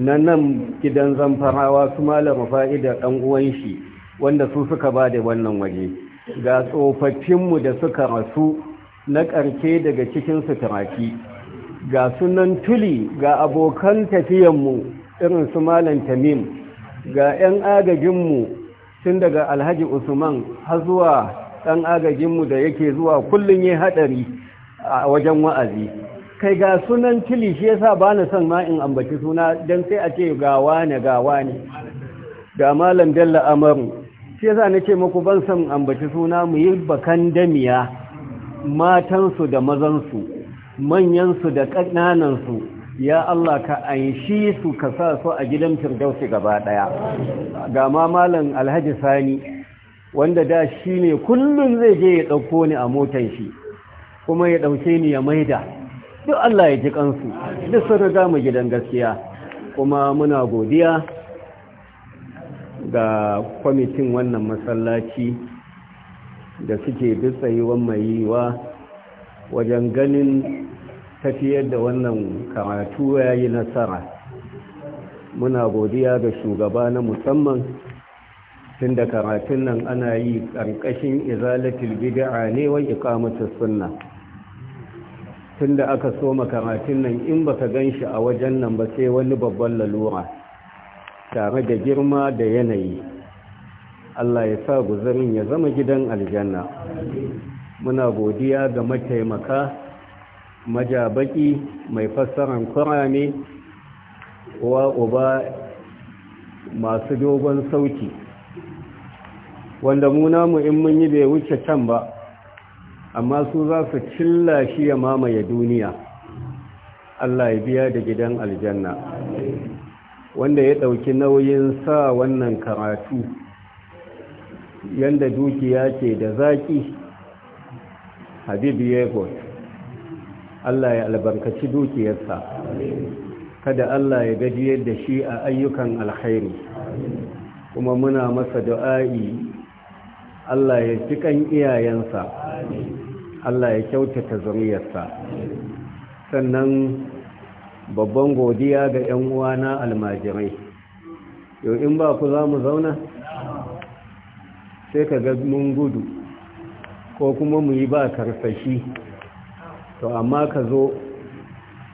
na nan gidan zamfarawa su malama fa'idar ɗan uwan shi wanda su suka ba da wannan waje ga tsofaffinmu da suka rasu na ƙarke daga cikin suturaki ga sunan tuli ga abokan tafiyanmu irin su malam tamim ga 'yan agajinmu tun daga alhaji usman har zuwa ɗan agajinmu da yake zuwa kullum ya haɗari a wajen wa'azi kai ga sunan tuli shi yasa ba na son ma'in ambaci suna don sai a ce gawa ne gawa ne ga malam dalla amaru shi yasa nace muku ban san ambaci suna mu yi bakan damiya matansu da mazansu manyansu da ƙananansu ya Allah ka anshi su ka sa su a gidan firdausi gaba daya ga ma malam alhaji sani wanda da shi ne kullum zai je ya ɗauko ni a motan shi kuma ya ɗauke ni ya maida duk Allah ya ji kansu duk sun riga mu gidan gaskiya kuma muna godiya ga kwamitin wannan masallaci da suke dutsayewan mai wa wajen ganin tafiyar da wannan karatu ya yi nasara muna godiya ga shugaba na musamman tun da karatun nan ana yi ƙarƙashin izalatul bid'a ne wa iqamatus sunna tun da aka soma karatun nan in baka ganshi a wajen nan ba sai wani babban lalura tare da girma da yanayi Allah ya sa guzarin ya zama gidan aljanna muna godiya ga mataimaka majabaki mai fassaran kurame wa uba masu dogon sauki. wanda mu namu in mun yi bai wuce can ba amma su za su cilla shi ya mamaye duniya Allah ya biya da gidan aljanna wanda ya ɗauki nauyin sa wannan karatu yadda dukiya ce da zaƙi habib yego Allah ya albarkaci dukiyarsa kada Allah ya gajiyar da shi a ayyukan alkhairi kuma muna masa du'a'i Allah ya fi kan iyayensa Allah ya kyautata zuriyarsa sannan babban godiya ga 'yan uwana almajirai yau in ba ku za mu zauna sai ka ga mun gudu ko kuma mu yi ba karsashi to amma ka zo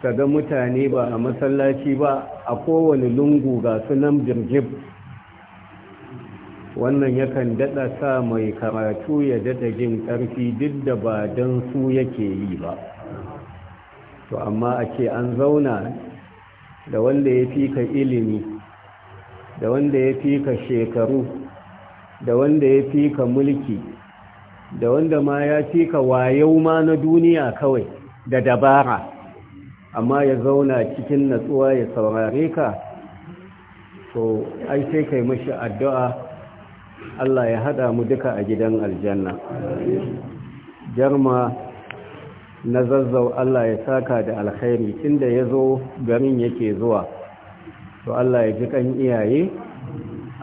ka ga mutane ba a masallaci ba a kowane lungu ga sunan birgib wannan yakan daɗa sa mai karatu ya daɗa jin ƙarfi duk da ba don su yake yi ba to amma a ce an zauna da wanda ya fi ka ilimi da wanda ya fi ka shekaru da wanda ya fi ka mulki da wanda ma ya fi ka wayau ma na duniya kawai da dabara amma ya zauna cikin natsuwa ya saurare ka to ai sai kai mashi addu'a Allah ya hada mu duka a gidan aljanna jarma na zazzau Allah ya saka da alkhairi tunda ya zo garin yake zuwa to Allah ya ji kan iyaye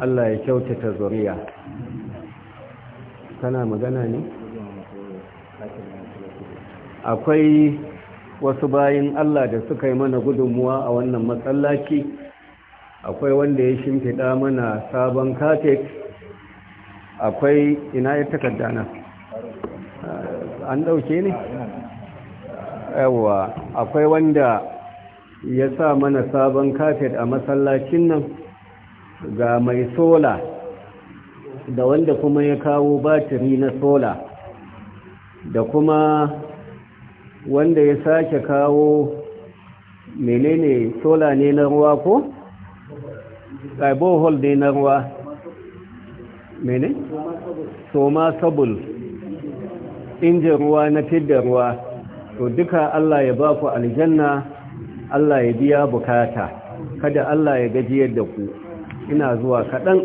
Allah ya kyautata zuriya kana magana ne akwai wasu bayin Allah da suka yi mana gudunmuwa a wannan matsalaki? akwai wanda ya shimfiɗa mana sabon katek akwai ina ya takarda an ɗauke ne? yawa akwai wanda ya sa mana sabon kafet a masallacin nan ga mai sola da wanda kuma ya kawo batiri na sola da kuma wanda ya sake kawo menene sola ne na ruwa ko? bohol ne na ruwa mene? soma sabul injin ruwa na fidda ruwa to duka Allah ya ba ku aljanna Allah ya biya bukata kada Allah ya gajiyar da ku ina zuwa kaɗan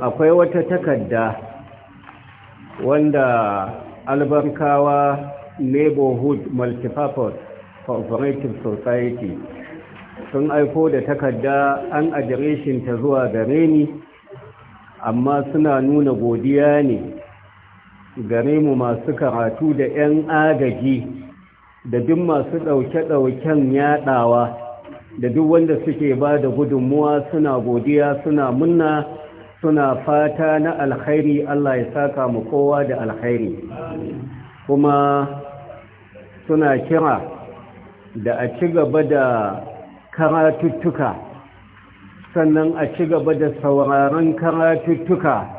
akwai wata takarda wanda albarkawa neighborhood multipurpose cooperative society sun aiko da takarda an adireshin ta zuwa gare ni amma suna nuna godiya ne gare mu masu karatu da 'yan agaji da duk masu ɗauke-ɗauken yaɗawa da duk wanda suke ba da gudunmuwa suna godiya suna munna suna fata na alkhairi Allah ya saka mu kowa da alkhairi kuma suna kira da a ci gaba da karatuttuka sannan a ci gaba da sauraron karatuttuka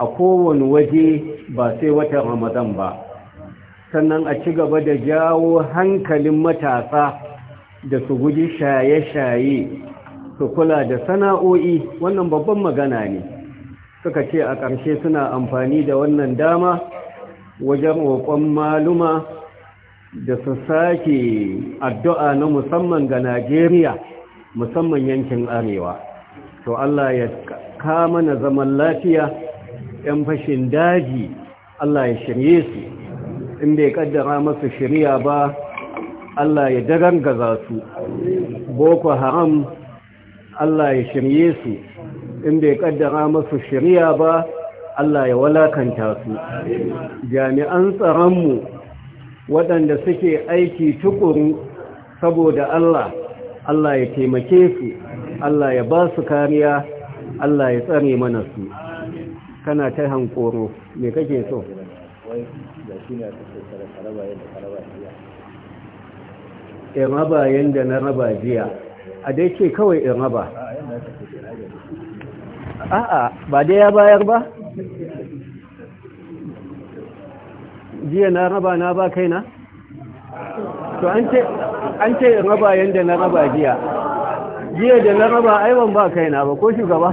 a kowane waje ba sai watan ramadan ba sannan a ci gaba da jawo hankalin matasa da su guji shaye-shaye su kula da sana'o'i wannan babban magana ne suka ce a ƙarshe suna amfani da wannan dama wajen roƙon maluma da su sake addu'a na musamman ga najeriya musamman yankin arewa to allah ya kama na zaman lafiya 'yan fashin daji Allah ya shirye su in bai kaddara masu shirya ba Allah ya gaza su boko haram Allah ya shirye su in bai kaddara masu shirya ba Allah ya walakanta su jami'an tsaronmu waɗanda suke aiki tukuru saboda Allah Allah ya taimake su Allah ya ba su kariya Allah ya tsare mana su kana ta hankoro me kake so in raba yadda na raba jiya a dai ce kawai in raba a'a ba dai ya bayar ba jiya na raba na ba kaina to an ce in raba yadda na raba jiya jiya da na raba aiwan ba kaina ba ko shugaba